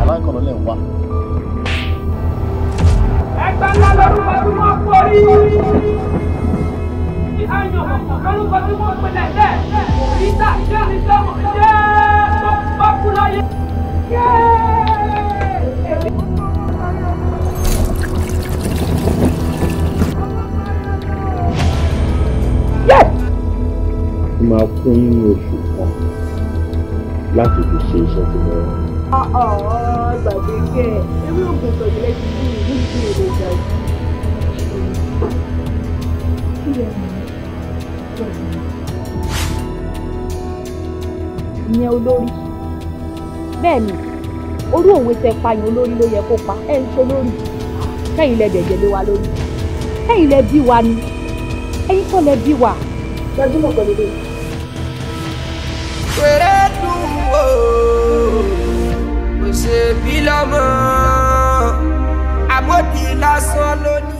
alákọ̀ọ́lọ́ lẹ̀ ń wá. ẹgbẹ́ ńlá lórúkọ tí wọ́n forí ìhàyàn lórúkọ tí wọ́n pinnu ẹ̀jẹ̀ ìta ìjọ. máa fún yín ní oṣù kan láti fi ṣe iṣẹ́ tí mo rán. gbàgbé kẹ ewé oògùn tọ̀gbẹ́lẹ́ ti kú ìlú ìlú ìlú ìjà ìyẹn olórí bẹ́ẹ̀ ni orú òwe tẹ payàn olórí ló yẹ kó pa ẹ̀ ń ṣe olórí kẹ́yìn lẹ dẹ̀jẹ̀ lé wa lórí kẹ́yìn lẹ bí wa ni ẹ̀yin kọ́ lẹ bí wa. gbajúmọ̀ pẹ̀lú bẹ́ẹ̀. bí lọ́mọ àmọ́ bí lásán lónìí.